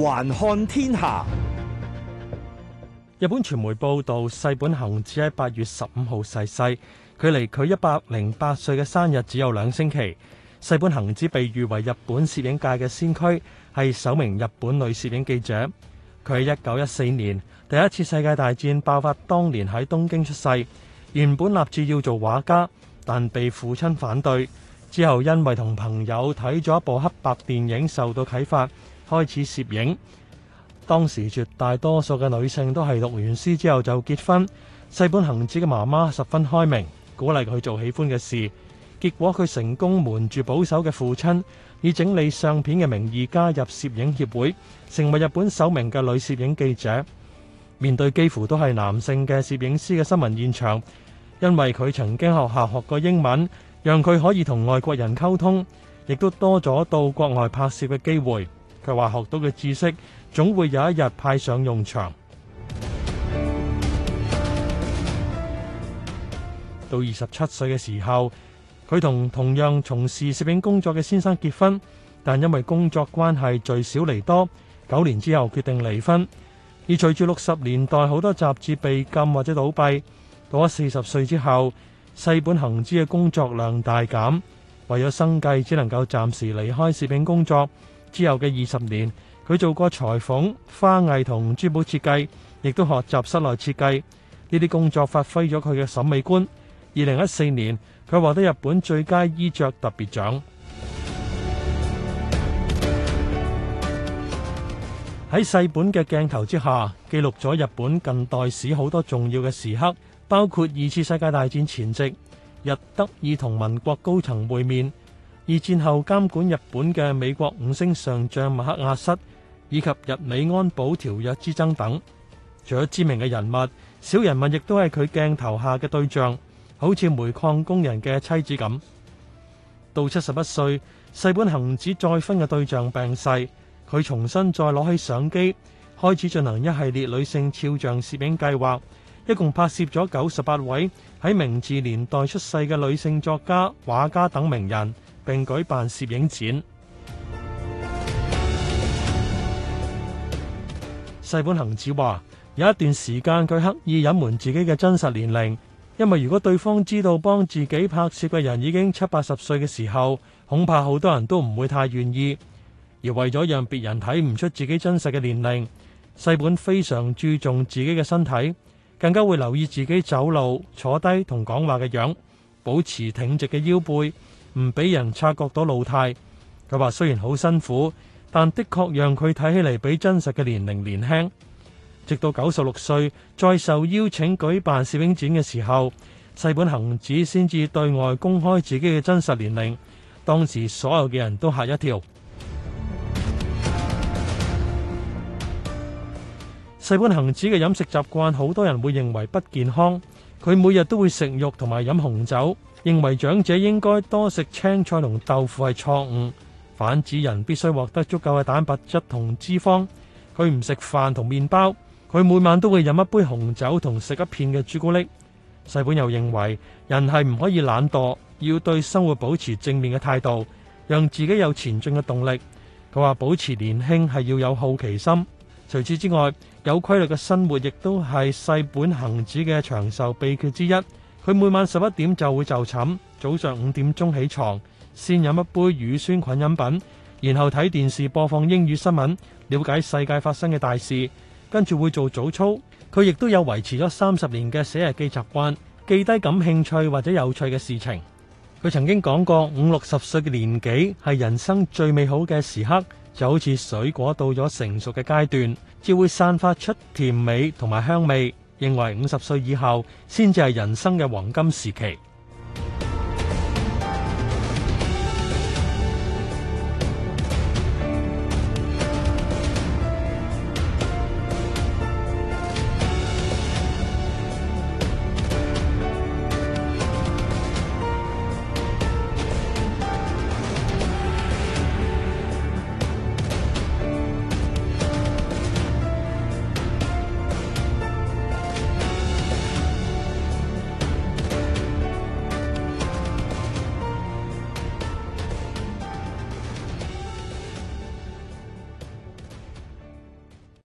環看天下。日本傳媒報道，笹本恒子喺八月十五號逝世，距離佢一百零八歲嘅生日只有兩星期。笹本恒子被譽為日本攝影界嘅先驅，係首名日本女攝影記者。佢喺一九一四年第一次世界大戰爆發當年喺東京出世，原本立志要做畫家，但被父親反對。之後因為同朋友睇咗一部黑白電影，受到啟發。開始攝影。當時絕大多數嘅女性都係讀完書之後就結婚。笹本恒子嘅媽媽十分開明，鼓勵佢做喜歡嘅事。結果佢成功瞞住保守嘅父親，以整理相片嘅名義加入攝影協會，成為日本首名嘅女攝影記者。面對幾乎都係男性嘅攝影師嘅新聞現場，因為佢曾經學校學過英文，讓佢可以同外國人溝通，亦都多咗到國外拍攝嘅機會。佢話學到嘅知識總會有一日派上用場。到二十七歲嘅時候，佢同同樣從事攝影工作嘅先生結婚，但因為工作關係聚少離多，九年之後決定離婚。而隨住六十年代好多雜誌被禁或者倒閉，到咗四十歲之後，笹本恒子嘅工作量大減，為咗生計只能夠暫時離開攝影工作。之後嘅二十年，佢做過裁縫、花藝同珠寶設計，亦都學習室內設計。呢啲工作發揮咗佢嘅審美觀。二零一四年，佢獲得日本最佳衣着特別獎。喺 笹本嘅鏡頭之下，記錄咗日本近代史好多重要嘅時刻，包括二次世界大戰前夕，日德意同民國高層會面。二戰後監管日本嘅美國五星上將麥克阿瑟，以及日美安保條約之爭等。除咗知名嘅人物，小人物亦都係佢鏡頭下嘅對象，好似煤礦工人嘅妻子咁。到七十一歲，笹本恒子再婚嘅對象病逝，佢重新再攞起相機，開始進行一系列女性肖像攝影計劃，一共拍攝咗九十八位喺明治年代出世嘅女性作家、畫家等名人。並舉辦攝影展。笹本恒子話：有一段時間佢刻意隱瞞自己嘅真實年齡，因為如果對方知道幫自己拍攝嘅人已經七八十歲嘅時候，恐怕好多人都唔會太願意。而為咗讓別人睇唔出自己真實嘅年齡，笹本非常注重自己嘅身體，更加會留意自己走路、坐低同講話嘅樣，保持挺直嘅腰背。唔俾人察覺到老態。佢話雖然好辛苦，但的確讓佢睇起嚟比真實嘅年齡年輕。直到九十六歲再受邀請舉辦攝影展嘅時候，笹本恒子先至對外公開自己嘅真實年齡。當時所有嘅人都嚇一跳。笹本恒子嘅飲食習慣，好多人會認為不健康。佢每日都會食肉同埋飲紅酒。認為長者應該多食青菜同豆腐係錯誤，反指人必須獲得足夠嘅蛋白質同脂肪。佢唔食飯同麵包，佢每晚都會飲一杯紅酒同食一片嘅朱古力。笹本又認為人係唔可以懶惰，要對生活保持正面嘅態度，讓自己有前進嘅動力。佢話保持年輕係要有好奇心。除此之外，有規律嘅生活亦都係笹本恒子嘅長壽秘訣之一。佢每晚十一點就會就寢，早上五點鐘起床，先飲一杯乳酸菌飲品，然後睇電視播放英語新聞，了解世界發生嘅大事，跟住會做早操。佢亦都有維持咗三十年嘅寫日記習慣，記低感興趣或者有趣嘅事情。佢曾經講過，五六十歲嘅年紀係人生最美好嘅時刻，就好似水果到咗成熟嘅階段，只會散發出甜美同埋香味。認為五十歲以後先至係人生嘅黃金時期。